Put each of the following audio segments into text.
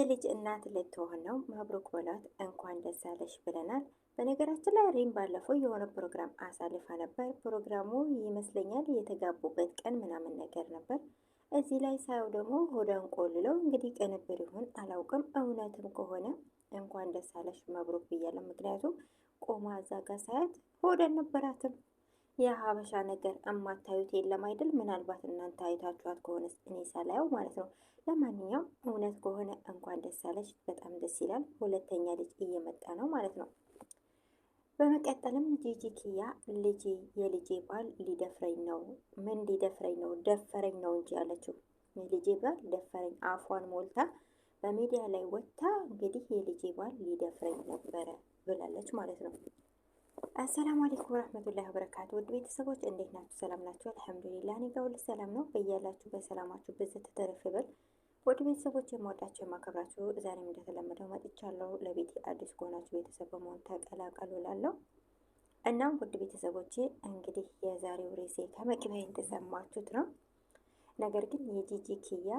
የልጅ እናት ልትሆን ነው መብሩክ በሏት፣ እንኳን ደስ አለሽ ብለናል። በነገራችን ላይ ሪም ባለፈው የሆነ ፕሮግራም አሳልፋ ነበር። ፕሮግራሙ ይመስለኛል የተጋቡበት ቀን ምናምን ነገር ነበር። እዚህ ላይ ሳየው ደግሞ ሆዳን ቆልለው እንግዲህ ቅንብር ይሁን አላውቅም። እውነትም ከሆነ እንኳን ደስ አለሽ መብሩክ ብያለሁ። ምክንያቱም ቆማ እዛ ጋር ሳያት ሆድ ነበራትም። የሀበሻ ነገር እማታዩት የለም አይደል? ምናልባት እናንተ አይታችኋት ከሆነ እኔ ሳላየው ማለት ነው። ለማንኛውም እውነት ከሆነ እንኳን ደስ አለሽ፣ በጣም ደስ ይላል። ሁለተኛ ልጅ እየመጣ ነው ማለት ነው። በመቀጠልም ጂጂ ኪያ ልጄ የልጄ ባል ሊደፍረኝ ነው። ምን ሊደፍረኝ ነው? ደፈረኝ ነው እንጂ ያለችው የልጄ ባል ደፈረኝ። አፏን ሞልታ በሚዲያ ላይ ወጥታ እንግዲህ የልጄ ባል ሊደፍረኝ ነበረ ብላለች ማለት ነው። አሰላሙ አለይኩም ወረህመቱላሂ ወበረካቱ። ውድ ቤተሰቦች እንዴት ናችሁ? ሰላም ናችሁ? አልሐምዱሊላህ እኔ ጋር ሁሉ ሰላም ነው። በያላችሁ በሰላማችሁ ብዝት ተተረፍበል ወደ ቤተሰቦች የማወዳቸው የማከብራችሁ ዛሬም እንደተለመደው መጥቻለሁ። ለቤት አዲስ ከሆናችሁ ቤተሰብ በመሆን ተቀላቀሉ እላለሁ። እናም ውድ ቤተሰቦቼ እንግዲህ የዛሬው ሬሴ ከመግቢያ የተሰማችሁት ነው። ነገር ግን የጂጂ ኪያ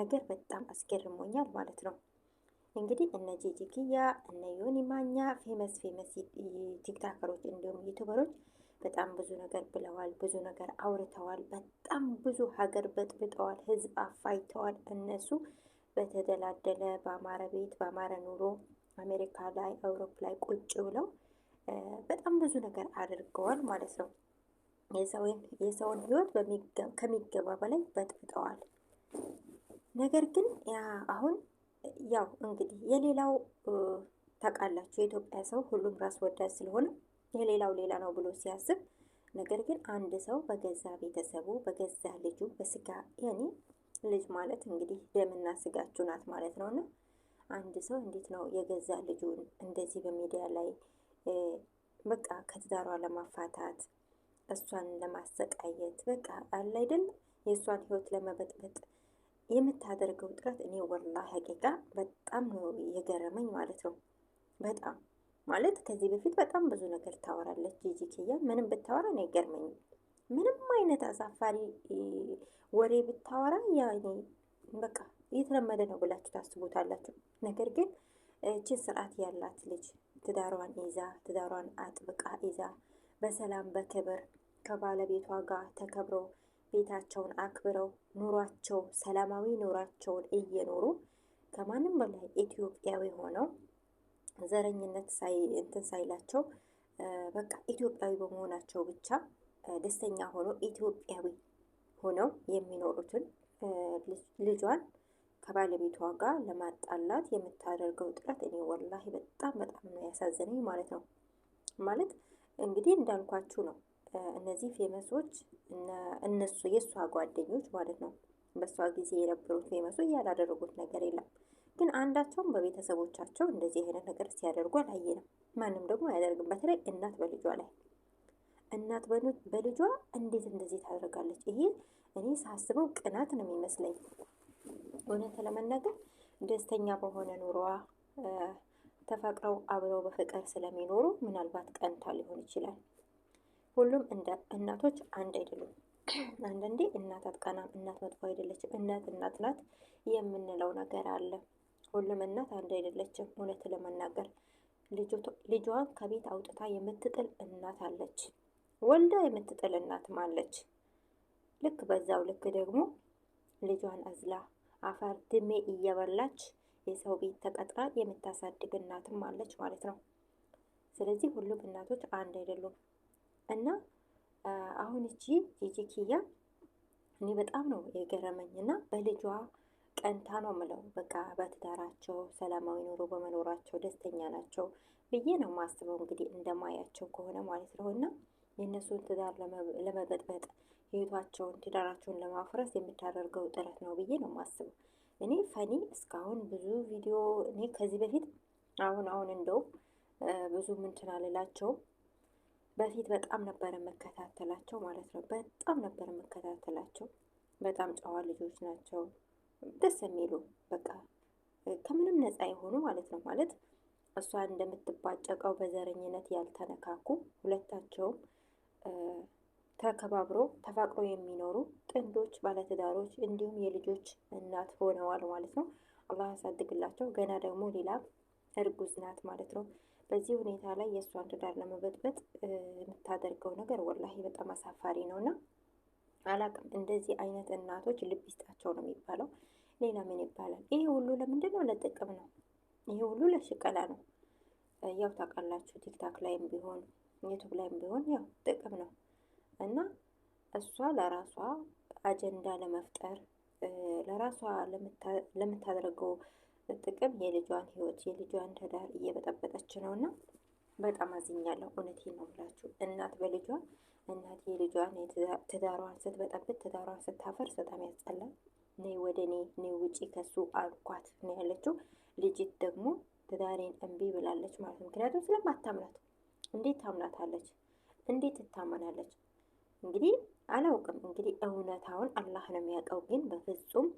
ነገር በጣም አስገርሞኛል ማለት ነው። እንግዲህ እነ ጂጂ ኪያ እነ ዮኒ ማኛ ፌመስ ፌመስ ቲክታከሮች እንዲሁም ዩቱበሮች በጣም ብዙ ነገር ብለዋል፣ ብዙ ነገር አውርተዋል፣ በጣም ብዙ ሀገር በጥብጠዋል፣ ህዝብ አፋይተዋል። እነሱ በተደላደለ በአማረ ቤት በአማረ ኑሮ አሜሪካ ላይ አውሮፕ ላይ ቁጭ ብለው በጣም ብዙ ነገር አድርገዋል ማለት ነው። የሰውን ህይወት ከሚገባ በላይ በጥብጠዋል። ነገር ግን አሁን ያው እንግዲህ የሌላው ታውቃላችሁ የኢትዮጵያ ሰው ሁሉም ራስ ወዳድ ስለሆነ የሌላው ሌላ ነው ብሎ ሲያስብ፣ ነገር ግን አንድ ሰው በገዛ ቤተሰቡ በገዛ ልጁ በስጋ ያኔ ልጅ ማለት እንግዲህ ደምና ስጋችሁ ናት ማለት ነው። እና አንድ ሰው እንዴት ነው የገዛ ልጁን እንደዚህ በሚዲያ ላይ በቃ ከትዳሯ ለማፋታት እሷን ለማሰቃየት በቃ አለ አይደል የእሷን ህይወት ለመበጥበጥ የምታደርገው ጥረት እኔ ወላ ሀቂቃ በጣም ነው የገረመኝ ማለት ነው በጣም ማለት ከዚህ በፊት በጣም ብዙ ነገር ታወራለች ጂጂ ኪያ። ምንም ብታወራ ነው አይገርመኝም። ምንም አይነት አሳፋሪ ወሬ ብታወራ ያኔ በቃ የተለመደ ነው ብላችሁ ታስቡታላችሁ ነገር ግን እችን ስርዓት ያላት ልጅ ትዳሯን ይዛ ትዳሯን አጥብቃ ይዛ በሰላም በክብር ከባለቤቷ ጋር ተከብረው ቤታቸውን አክብረው ኑሯቸው ሰላማዊ ኑሯቸውን እየኖሩ ከማንም በላይ ኢትዮጵያዊ ሆነው ዘረኝነት ሳይ እንትን ሳይላቸው በቃ ኢትዮጵያዊ በመሆናቸው ብቻ ደስተኛ ሆኖ ኢትዮጵያዊ ሆነው የሚኖሩትን ልጇን ከባለቤቷ ጋር ለማጣላት የምታደርገው ጥረት እኔ ወላሂ በጣም በጣም ነው ያሳዘነኝ ማለት ነው። ማለት እንግዲህ እንዳልኳችሁ ነው። እነዚህ ፌመሶች እነሱ የእሷ ጓደኞች ማለት ነው በእሷ ጊዜ የነበሩት ፌመሶች ያላደረጉት ነገር የለም። ግን አንዳቸውም በቤተሰቦቻቸው እንደዚህ አይነት ነገር ሲያደርጉ አላየንም። ማንም ደግሞ አያደርግም። በተለይ እናት በልጇ ላይ እናት በልጇ እንዴት እንደዚህ ታደርጋለች? ይሄ እኔ ሳስበው ቅናት ነው የሚመስለኝ። እውነት ለመናገር ደስተኛ በሆነ ኑሯዋ ተፈቅረው አብረው በፍቅር ስለሚኖሩ ምናልባት ቀንታ ሊሆን ይችላል። ሁሉም እናቶች አንድ አይደሉም። አንዳንዴ እናት አትቀናም፣ እናት መጥፎ አይደለችም፣ እናት እናት ናት የምንለው ነገር አለ። ሁሉም እናት አንድ አይደለችም። እውነት ለመናገር ልጇን ከቤት አውጥታ የምትጥል እናት አለች፣ ወልዳ የምትጥል እናትም አለች። ልክ በዛው ልክ ደግሞ ልጇን አዝላ አፈር ድሜ እየበላች የሰው ቤት ተቀጥራ የምታሳድግ እናትም አለች ማለት ነው። ስለዚህ ሁሉም እናቶች አንድ አይደሉም እና አሁን እቺ ጂጂ ኪያ እኔ በጣም ነው የገረመኝ እና በልጇ ቀንታ ነው ምለው። በቃ በትዳራቸው ሰላማዊ ኑሮ በመኖራቸው ደስተኛ ናቸው ብዬ ነው ማስበው። እንግዲህ እንደማያቸው ከሆነ ማለት ነው እና የእነሱን ትዳር ለመበጥበጥ ህይወታቸውን፣ ትዳራቸውን ለማፍረስ የምታደርገው ጥረት ነው ብዬ ነው ማስበው። እኔ ፈኒ እስካሁን ብዙ ቪዲዮ እኔ ከዚህ በፊት አሁን አሁን እንደው ብዙ ምንትን አልላቸውም በፊት በጣም ነበር መከታተላቸው ማለት ነው። በጣም ነበር መከታተላቸው። በጣም ጨዋ ልጆች ናቸው። ደስ የሚሉ በቃ ከምንም ነፃ የሆኑ ማለት ነው። ማለት እሷ እንደምትባጨቀው በዘረኝነት ያልተነካኩ ሁለታቸውም ተከባብሮ ተፋቅሮ የሚኖሩ ጥንዶች፣ ባለትዳሮች እንዲሁም የልጆች እናት ሆነዋል ማለት ነው። አላህ ያሳድግላቸው። ገና ደግሞ ሌላ እርጉዝ ናት ማለት ነው። በዚህ ሁኔታ ላይ የእሷን ትዳር ለመበጥበጥ የምታደርገው ነገር ወላሂ በጣም አሳፋሪ ነውና አላቅም። እንደዚህ አይነት እናቶች ልብ ይስጣቸው ነው የሚባለው። ሌላ ምን ይባላል? ይሄ ሁሉ ለምንድን ነው? ለጥቅም ነው። ይሄ ሁሉ ለሽቀላ ነው። ያው ታውቃላችሁ፣ ቲክታክ ላይም ቢሆን ዩቱብ ላይም ቢሆን ያው ጥቅም ነው እና እሷ ለራሷ አጀንዳ ለመፍጠር ለራሷ ለምታደርገው ጥቅም የልጇን ህይወት የልጇን ትዳር እየበጠበጠች ነው እና በጣም አዝኛለሁ። እውነቴን ነው የምላችሁ እናት በልጇ እናት የልጇን ትዳሯን ስትበጠብጥ ትዳሯን ስታፈርስ በጣም ያስጠላል። ነይ ወደ እኔ ነይ ውጪ ከሱ አልኳት ነው ያለችው። ልጅት ደግሞ ትዳሬን እምቢ ብላለች ማለት ነው። ምክንያቱም ስለማታምናት እንዴት ታምናታለች? እንዴት ትታመናለች? እንግዲህ አላውቅም። እንግዲህ እውነታውን አላህ ነው የሚያውቀው። ግን በፍጹም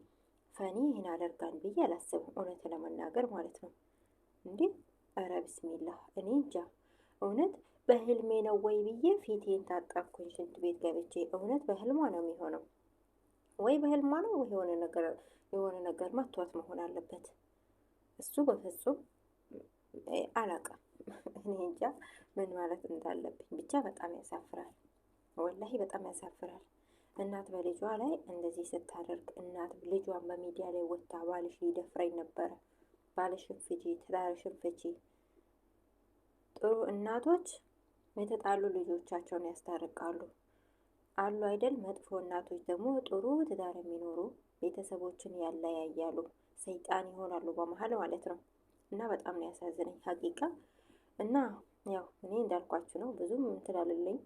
ፈኒ ይህን አደርጋን ብዬ አላስብም፣ እውነት ለመናገር ማለት ነው። እንዴ ኧረ ብስሚላህ እኔ እንጃ እውነት በህልሜ ነው ወይ ብዬ ፊቴን ታጠብኩኝ። ሽንት ቤት ገብቼ እውነት በህልሟ ነው የሚሆነው ወይ በህልሟ ነው ወይ የሆነ ነገር የሆነ ነገር መቷት መሆን አለበት። እሱ በፍጹም አላውቅም። እኔ እንጃ ምን ማለት እንዳለብኝ ብቻ በጣም ያሳፍራል። ወላሂ በጣም ያሳፍራል። እናት በልጇ ላይ እንደዚህ ስታደርግ እናት ልጇን በሚዲያ ላይ ወጥታ ባልሽ ይደፍረኝ ነበረ፣ ባልሽን ፍቺ፣ ትዳርሽን ፍቺ። ጥሩ እናቶች የተጣሉ ልጆቻቸውን ያስታርቃሉ። አሉ አይደል? መጥፎ እናቶች ደግሞ ጥሩ ትዳር የሚኖሩ ቤተሰቦችን ያለያያሉ፣ ሰይጣን ይሆናሉ በመሀል ማለት ነው። እና በጣም ነው ያሳዝነኝ ሀቂቃ። እና ያው እኔ እንዳልኳችሁ ነው ብዙም እንትን አልልኝ፣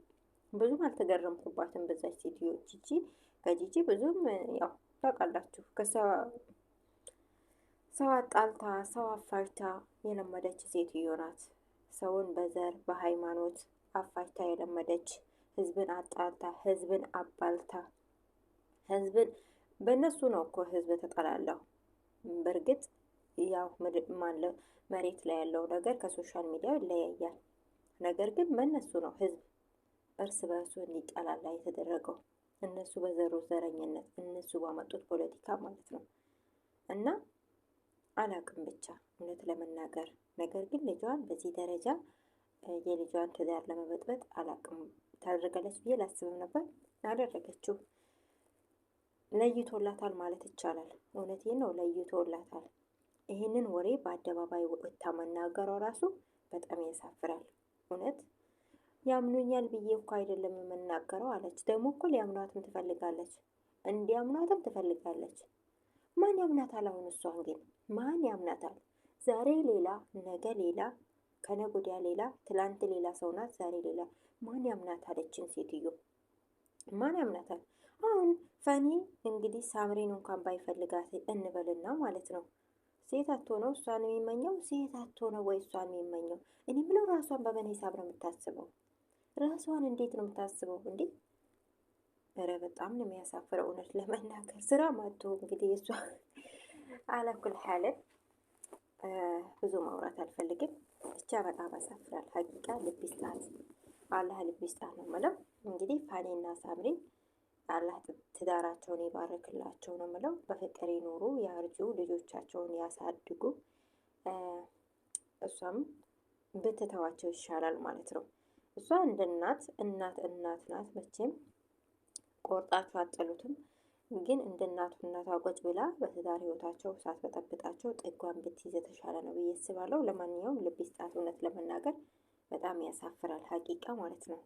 ብዙም አልተገረምኩባትም በዛች ሴትዮ ጂጂ። ከጂጂ ብዙም ያው ታውቃላችሁ ሰው አጣልታ ሰው አፋርታ የለመደች ሴትዮ ናት። ሰውን በዘር በሃይማኖት አፋጅታ የለመደች ህዝብን አጣልታ ህዝብን አባልታ ህዝብን በእነሱ ነው እኮ ህዝብ ተጠላለሁ። በእርግጥ ያው መሬት ላይ ያለው ነገር ከሶሻል ሚዲያ ይለያያል። ነገር ግን በእነሱ ነው ህዝብ እርስ በእርሱ እንዲጠላላ የተደረገው እነሱ በዘሩት ዘረኝነት እነሱ ባመጡት ፖለቲካ ማለት ነው። እና አላቅም ብቻ እውነት ለመናገር ነገር ግን ልጇን በዚህ ደረጃ የልጇን ትዳር ለመበጥበጥ አላቅም ታደርጋለች ብዬ ላስብም ነበር። አደረገችው። ለይቶላታል ማለት ይቻላል። እውነቴ ነው፣ ለይቶላታል። ይህንን ወሬ በአደባባይ ወጥታ መናገሯ ራሱ በጣም ያሳፍራል። እውነት ያምኑኛል ብዬ እኮ አይደለም የምናገረው አለች። ደግሞ እኮ ሊያምኗትም ትፈልጋለች፣ እንዲያምኗትም ትፈልጋለች። ማን ያምናታል? አሁን እሷን ግን ማን ያምናታል? ዛሬ ሌላ፣ ነገ ሌላ ከነገ ወዲያ ሌላ፣ ትላንት ሌላ ሰው ናት፣ ዛሬ ሌላ። ማን ያምናት አለችን ሴትዮ፣ ማን ያምናታል? አሁን ፈኒ እንግዲህ ሳምሬን እንኳን ባይፈልጋት እንበልና ማለት ነው ሴት አትሆነው እሷን የሚመኘው ሴት ነው ወይ እሷን የሚመኘው እኔ ብለው ራሷን በምን ሂሳብ ነው የምታስበው? ራሷን እንዴት ነው የምታስበው? እንዴ ኧረ በጣም ነው የሚያሳፍረው። እውነት ለመናገር ስራ ማቶ እንግዲህ እሷ አላኩል ብዙ ማውራት አልፈልግም። ብቻ በጣም ያሳፍራል። ሀቂቃ ልብ ይስጣት፣ አላህ ልብ ይስጣት ነው ምለው። እንግዲህ ፋኒና ሳምሪ አላህ ትዳራቸውን ይባረክላቸው ነው ምለው። በፍቅር ይኖሩ፣ ያርጁ፣ ልጆቻቸውን ያሳድጉ። እሷም ብትተዋቸው ይሻላል ማለት ነው። እሷ እንደ እናት እናት እናት ናት። መቼም ቆርጣችሁ አጠሉትም። ግን እንደ እናቱ እናቷ ቁጭ ብላ በትዳር ህይወታቸው ሳትበጠብጣቸው ጥጓን ብትይዝ የተሻለ ነው ብዬ አስባለሁ። ለማንኛውም ልብ ይስጣት። እውነት ለመናገር በጣም ያሳፍራል ሀቂቃ ማለት ነው።